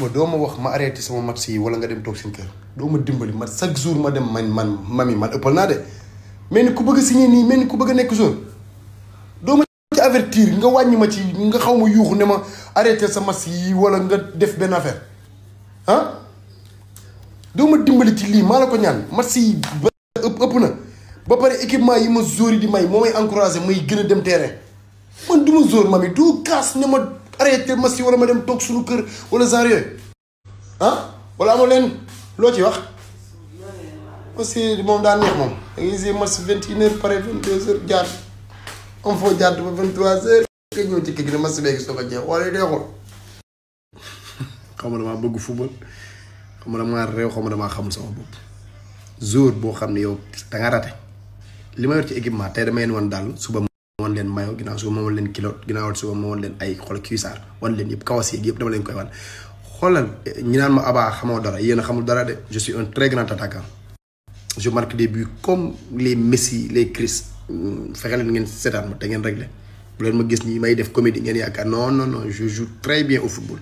ma doo ma wax ma arrêté sama match yi wala nga dem toog seen kër doo ma dimbali mat chaque jour ma dem man man mami man ëppal naa de mel ni ku bëgg si signé nii mel ni ku bëgg a nekk zone doo ma ci nga wàññi ma ci nga xaw ma yuuxu ne ma arrêté sa match yi wala nga def benn doo ma dimbali ci lii maa la ko ñaan match yi ba ëpp ëpp na ba pare équipement yi ma zóor yi di may moo may encouragé may gën a dem terrain man du ma zóor mami doo kaas ne ma अरे ते मस्ती वाला मॅडम टोक सुरू कर ओला जा रे हां wala amoo leen loo ci wax aussi moom daan neex moom da ngay gisee match vingt et une heures pare vingt deux heures jaar am foo jaar ba vingt trois heures nga ñëw ci kii ne match beegi soo ko jeex wala deexul xam nga damaa bëgg football xam nga damaa réew xam nga damaa xamul sama bopp jour boo xam ne yow da nga raté li ma yor ci équipement tey dama leen wan suba wan leen mayo ginaaw suba ma wan leen kilote ginnaaw suba ma wan leen ay xol cuissard won len yeb kawas yeb dama len koy wan xolal ñi naan ma Aba xamo dara yéen xamul dara de je suis un très grand attaquant je marque des buts comme les Messi les Chris mm, fexe leen ngeen seetaan ma te ngeen régler bu len ma gis nii may def comédie ngeen yaakaar non non non je joue très bien au football